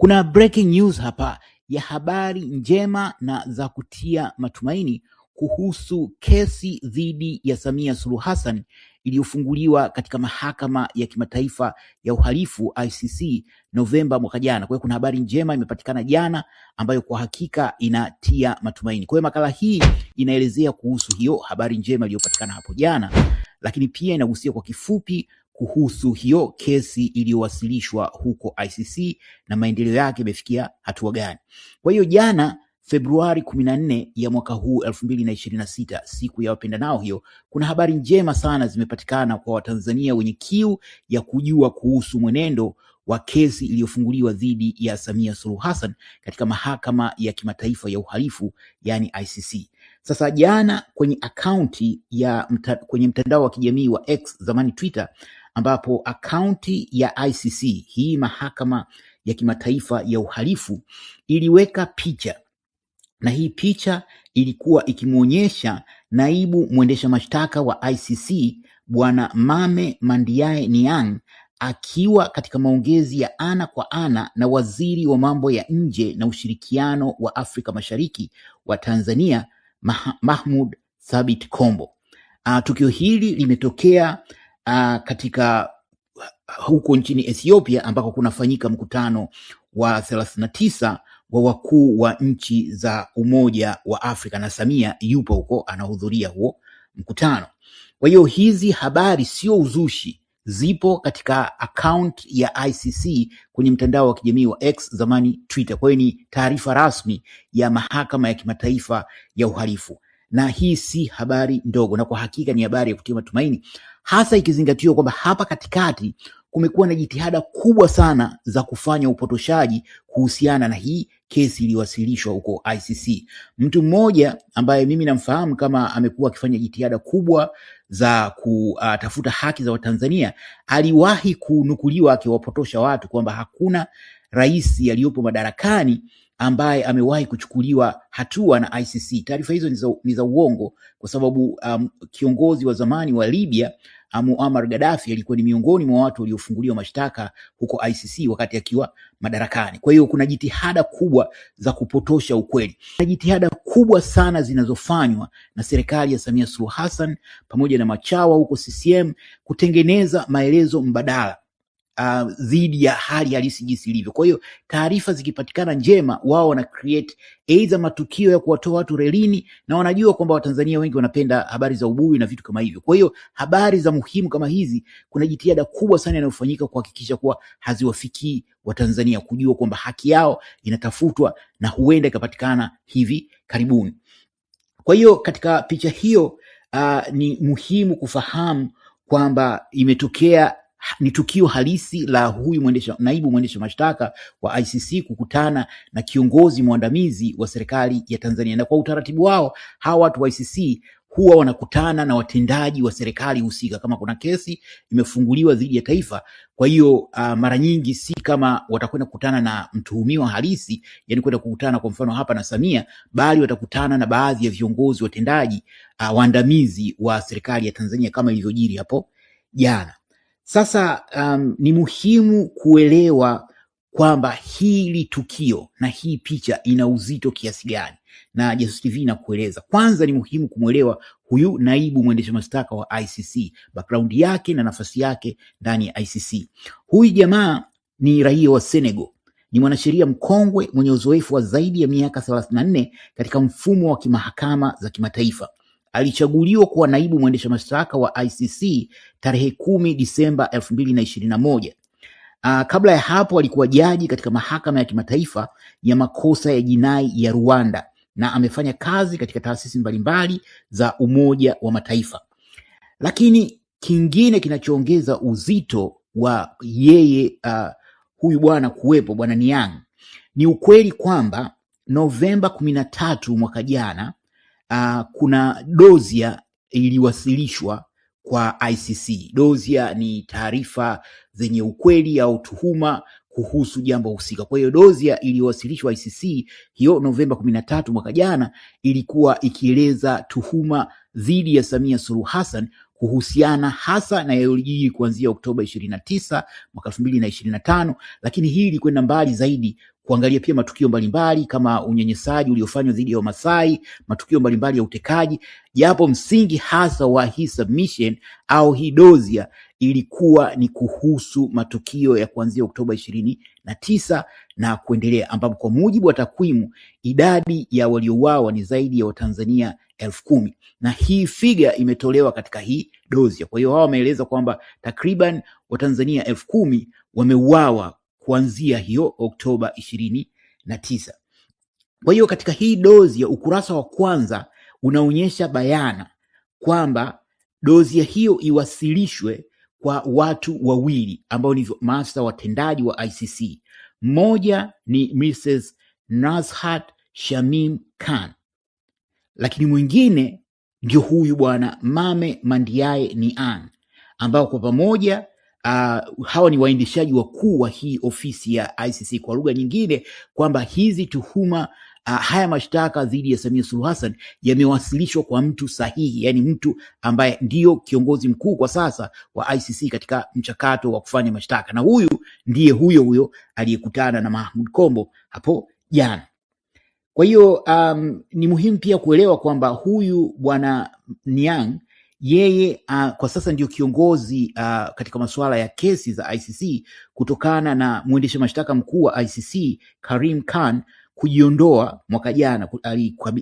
Kuna breaking news hapa ya habari njema na za kutia matumaini kuhusu kesi dhidi ya Samia Suluhu Hassan iliyofunguliwa katika mahakama ya kimataifa ya uhalifu ICC Novemba mwaka jana. Kwa hiyo kuna habari njema imepatikana jana ambayo kwa hakika inatia matumaini. Kwa hiyo makala hii inaelezea kuhusu hiyo habari njema iliyopatikana hapo jana, lakini pia inagusia kwa kifupi kuhusu hiyo kesi iliyowasilishwa huko ICC na maendeleo yake imefikia hatua gani. Kwa hiyo jana Februari kumi na nne ya mwaka huu elfu mbili na ishirini na sita siku ya wapendanao hiyo, kuna habari njema sana zimepatikana kwa Watanzania wenye kiu ya kujua kuhusu mwenendo wa kesi iliyofunguliwa dhidi ya Samia Suluhu Hassan katika mahakama ya kimataifa ya uhalifu yani ICC. Sasa jana kwenye akaunti ya mta, kwenye mtandao wa kijamii wa X zamani Twitter, ambapo akaunti ya ICC hii mahakama ya kimataifa ya uhalifu iliweka picha na hii picha ilikuwa ikimwonyesha naibu mwendesha mashtaka wa ICC bwana Mame Mandiae Niang akiwa katika maongezi ya ana kwa ana na waziri wa mambo ya nje na ushirikiano wa Afrika Mashariki wa Tanzania Mah Mahmud Thabit Kombo. Uh, tukio hili limetokea uh, katika ah, huko nchini Ethiopia ambako kunafanyika mkutano wa thelathini na tisa wa wakuu wa nchi za Umoja wa Afrika, na Samia yupo huko anahudhuria huo mkutano. Kwa hiyo hizi habari sio uzushi, zipo katika akaunti ya ICC kwenye mtandao wa kijamii wa X, zamani Twitter. Kwa hiyo ni taarifa rasmi ya Mahakama ya Kimataifa ya Uhalifu na hii si habari ndogo, na kwa hakika ni habari ya kutia matumaini, hasa ikizingatiwa kwamba hapa katikati kumekuwa na jitihada kubwa sana za kufanya upotoshaji kuhusiana na hii kesi iliyowasilishwa huko ICC. Mtu mmoja ambaye mimi namfahamu kama amekuwa akifanya jitihada kubwa za kutafuta haki za Watanzania aliwahi kunukuliwa akiwapotosha watu kwamba hakuna rais aliyopo madarakani ambaye amewahi kuchukuliwa hatua na ICC. Taarifa hizo ni za uongo kwa sababu um, kiongozi wa zamani wa Libya um, Muammar Gaddafi alikuwa ni miongoni mwa watu waliofunguliwa mashtaka huko ICC wakati akiwa madarakani. Kwa hiyo kuna jitihada kubwa za kupotosha ukweli. na jitihada kubwa sana zinazofanywa na serikali ya Samia Suluhu Hassan pamoja na machawa huko CCM kutengeneza maelezo mbadala uh, dhidi ya hali halisi jinsi ilivyo. Kwa hiyo taarifa zikipatikana njema, wao wana create aidha matukio ya kuwatoa watu relini, na wanajua kwamba Watanzania wengi wanapenda habari za ubuyu na vitu kama hivyo. Kwa hiyo habari za muhimu kama hizi, kuna jitihada kubwa sana inayofanyika kuhakikisha kuwa haziwafikii Watanzania, kujua kwamba haki yao inatafutwa na huenda ikapatikana hivi karibuni. Kwa hiyo katika picha hiyo, uh, ni muhimu kufahamu kwamba imetokea ni tukio halisi la huyu mwendesha, naibu mwendesha mashtaka wa ICC kukutana na kiongozi mwandamizi wa serikali ya Tanzania. Na kwa utaratibu wao hawa watu wa ICC huwa wanakutana na watendaji wa serikali husika, kama kuna kesi imefunguliwa dhidi ya taifa. Kwa hiyo uh, mara nyingi si kama watakwenda kukutana na mtuhumiwa halisi, yani kwenda kukutana kwa mfano hapa na Samia, bali watakutana na baadhi ya viongozi watendaji uh, waandamizi wa serikali ya Tanzania kama ilivyojiri hapo jana. Sasa um, ni muhimu kuelewa kwamba hili tukio na hii picha ina uzito kiasi gani, na Jasusi TV inakueleza. Kwanza ni muhimu kumwelewa huyu naibu mwendesha mashtaka wa ICC, background yake na nafasi yake ndani ya ICC. Huyu jamaa ni raia wa Senegal, ni mwanasheria mkongwe mwenye uzoefu wa zaidi ya miaka na nne katika mfumo wa kimahakama za kimataifa alichaguliwa kuwa naibu mwendesha mashtaka wa ICC tarehe kumi Disemba elfu mbili na ishirini na moja. Uh, kabla ya hapo alikuwa jaji katika mahakama ya kimataifa ya makosa ya jinai ya Rwanda na amefanya kazi katika taasisi mbalimbali za Umoja wa Mataifa. Lakini kingine kinachoongeza uzito wa yeye uh, huyu bwana kuwepo, bwana Niang, ni ukweli kwamba Novemba kumi na tatu mwaka jana uh, kuna dozia iliwasilishwa kwa ICC. Dozia ni taarifa zenye ukweli au tuhuma kuhusu jambo husika. Kwa hiyo dozia iliyowasilishwa ICC hiyo Novemba kumi na tatu mwaka jana ilikuwa ikieleza tuhuma dhidi ya Samia Suluhu Hassan kuhusiana hasa na yaliyojiri kuanzia Oktoba ishirini na tisa mwaka elfu mbili na ishirini na tano, lakini hii ilikwenda mbali zaidi kuangalia pia matukio mbalimbali kama unyenyesaji uliofanywa dhidi ya Wamasai, matukio mbalimbali ya utekaji, japo msingi hasa wa hii submission au hii dozia ilikuwa ni kuhusu matukio ya kuanzia Oktoba ishirini na tisa na kuendelea, ambapo kwa mujibu wa takwimu idadi ya waliouawa ni zaidi ya Watanzania elfu kumi na hii figa imetolewa katika hii dozia. Kwa hiyo hawa wameeleza kwamba takriban Watanzania elfu kumi wameuawa kuanzia hiyo Oktoba ishirini na tisa. Kwa hiyo katika hii dozi ya ukurasa wa kwanza unaonyesha bayana kwamba dozi ya hiyo iwasilishwe kwa watu wawili ambao ni maafisa watendaji wa ICC. Mmoja ni Mrs. Nazhat Shamim Khan, lakini mwingine ndio huyu bwana Mame Mandiaye an ambao kwa pamoja uh, hawa ni waendeshaji wakuu wa hii ofisi ya ICC. Kwa lugha nyingine, kwamba hizi tuhuma uh, haya mashtaka dhidi ya Samia Suluhu Hassan yamewasilishwa kwa mtu sahihi, yani mtu ambaye ndiyo kiongozi mkuu kwa sasa wa ICC katika mchakato wa kufanya mashtaka, na huyu ndiye huyo huyo aliyekutana na mahmud Kombo hapo jana. Kwa hiyo um, ni muhimu pia kuelewa kwamba huyu bwana Niang yeye uh, kwa sasa ndio kiongozi uh, katika masuala ya kesi za ICC kutokana na mwendesha mashtaka mkuu wa ICC Karim Khan kujiondoa mwaka jana.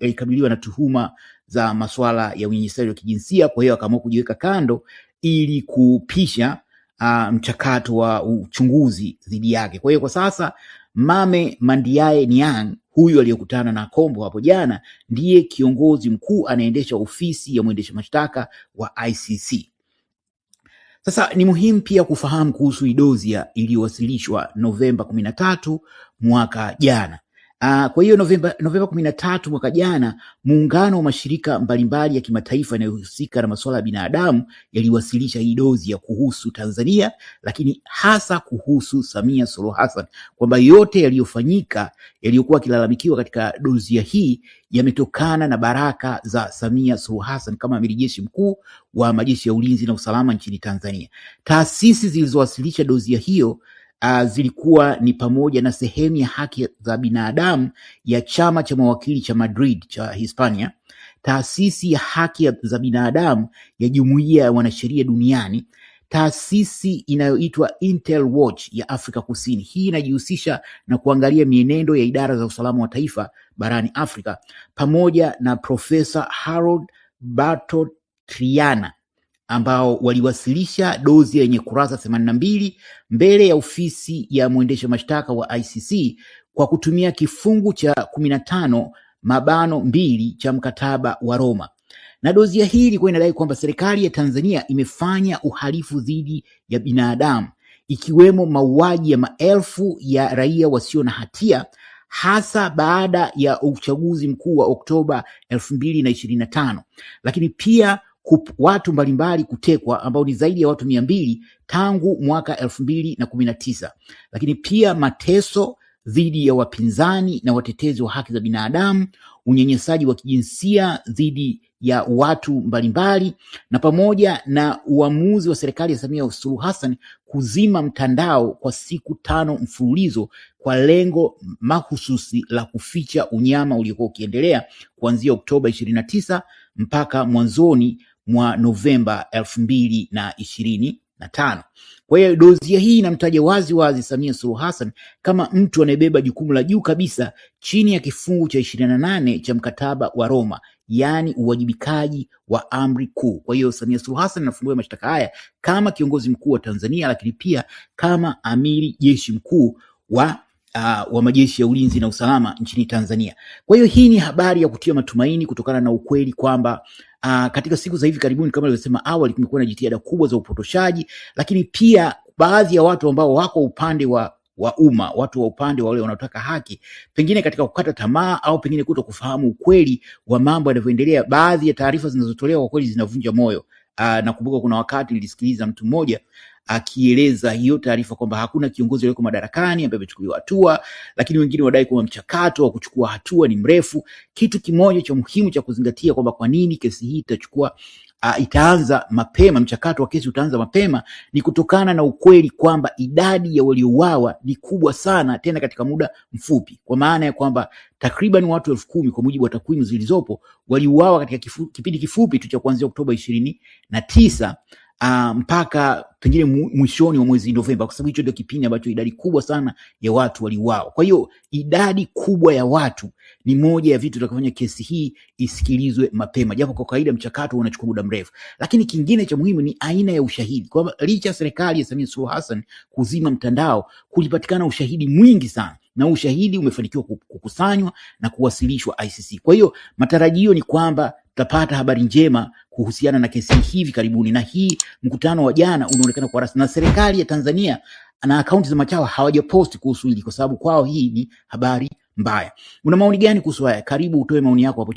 Alikabiliwa na tuhuma za masuala ya unyanyasaji wa kijinsia, kwa hiyo akaamua kujiweka kando ili kupisha uh, mchakato wa uchunguzi dhidi yake. Kwa hiyo kwa sasa Mame Mandiae Niang huyu aliyekutana na Kombo hapo jana ndiye kiongozi mkuu anaendesha ofisi ya mwendesha mashtaka wa ICC. Sasa ni muhimu pia kufahamu kuhusu idozi iliyowasilishwa Novemba kumi na tatu mwaka jana Ah, kwa hiyo Novemba Novemba kumi na tatu mwaka jana muungano wa mashirika mbalimbali ya kimataifa yanayohusika na masuala ya binadamu yaliwasilisha hii dozi ya kuhusu Tanzania, lakini hasa kuhusu Samia Suluhu Hassan kwamba yote yaliyofanyika yaliyokuwa yakilalamikiwa katika dozi ya hii yametokana na baraka za Samia Suluhu Hassan kama amiri jeshi mkuu wa majeshi ya ulinzi na usalama nchini Tanzania. Taasisi zilizowasilisha dozi ya hiyo uh, zilikuwa ni pamoja na sehemu ya haki za binadamu ya chama cha mawakili cha Madrid cha Hispania, taasisi ya haki za binadamu ya jumuiya ya wanasheria duniani, taasisi inayoitwa Intel Watch ya Afrika Kusini. Hii inajihusisha na kuangalia mienendo ya idara za usalama wa taifa barani Afrika, pamoja na Profesa Harold Bartot Triana ambao waliwasilisha dozi yenye kurasa themanini na mbili mbele ya ofisi ya mwendesha mashtaka wa ICC kwa kutumia kifungu cha kumi na tano mabano mbili cha mkataba wa Roma. Na dozia hii ilikuwa inadai kwamba serikali ya Tanzania imefanya uhalifu dhidi ya binadamu ikiwemo mauaji ya maelfu ya raia wasio na hatia hasa baada ya uchaguzi mkuu wa Oktoba elfu mbili na ishirini na tano, lakini pia kup, watu mbalimbali kutekwa ambao ni zaidi ya watu mia mbili tangu mwaka elfu mbili na kumi na tisa, lakini pia mateso dhidi ya wapinzani na watetezi wa haki za binadamu, unyenyesaji wa kijinsia dhidi ya watu mbalimbali, na pamoja na uamuzi wa serikali ya Samia Suluhu Hassan kuzima mtandao kwa siku tano mfululizo kwa lengo mahususi la kuficha unyama uliokuwa ukiendelea kuanzia Oktoba ishirini na tisa mpaka mwanzoni mwa Novemba elfu mbili na ishirini na tano. Kwa hiyo dozia hii inamtaja wazi wazi Samia Suluhu Hassan kama mtu anayebeba jukumu la juu kabisa chini ya kifungu cha ishirini na nane cha mkataba wa Roma, yaani uwajibikaji wa amri kuu. Kwa hiyo Samia Suluhu Hassan anafungua mashtaka haya kama kiongozi mkuu wa Tanzania, lakini pia kama amiri jeshi mkuu wa Uh, wa majeshi ya ulinzi na usalama nchini Tanzania. Kwa hiyo hii ni habari ya kutia matumaini kutokana na ukweli kwamba uh, katika siku za hivi karibuni kama nilivyosema awali, kumekuwa na jitihada kubwa za upotoshaji, lakini pia baadhi ya watu ambao wako upande wa wa umma, watu wa upande wale wanaotaka haki, pengine katika kukata tamaa au pengine kuto kufahamu ukweli wa mambo yanavyoendelea, baadhi ya taarifa zinazotolewa kwa kweli zinavunja moyo. Uh, nakumbuka kuna wakati nilisikiliza mtu mmoja akieleza hiyo taarifa kwamba hakuna kiongozi aliyeko madarakani ambaye amechukuliwa hatua, lakini wengine wadai kwamba mchakato wa kuchukua hatua ni mrefu. Kitu kimoja cha muhimu cha kuzingatia kwamba kwa nini kesi hii itachukua Uh, itaanza mapema, mchakato wa kesi utaanza mapema ni kutokana na ukweli kwamba idadi ya waliouawa ni kubwa sana, tena katika muda mfupi, kwa maana ya kwamba takriban watu elfu kumi kwa mujibu wa takwimu zilizopo waliuawa katika kifu, kipindi kifupi tu cha kuanzia Oktoba ishirini na tisa uh, mpaka pengine mwishoni wa mwezi Novemba, kwa sababu hicho ndio kipindi ambacho idadi kubwa sana ya watu waliuawa. Kwa hiyo idadi kubwa ya watu ni moja ya vitu vitakavyofanya kesi hii isikilizwe mapema, japo kwa kawaida mchakato unachukua muda mrefu. Lakini kingine cha muhimu ni aina ya ushahidi, kwamba licha ya serikali ya Samia Suluhu Hassan kuzima mtandao, kulipatikana ushahidi mwingi sana na ushahidi umefanikiwa kukusanywa na kuwasilishwa ICC. Kwa hiyo matarajio ni kwamba tutapata habari njema kuhusiana na kesi hivi karibuni, na hii mkutano wa jana unaonekana kwa rasmi, na serikali ya Tanzania na akaunti za machawa hawajaposti kuhusu hili, kwa sababu kwao hii ni habari mbaya. Una maoni gani kuhusu haya? Karibu utoe maoni yako hapo.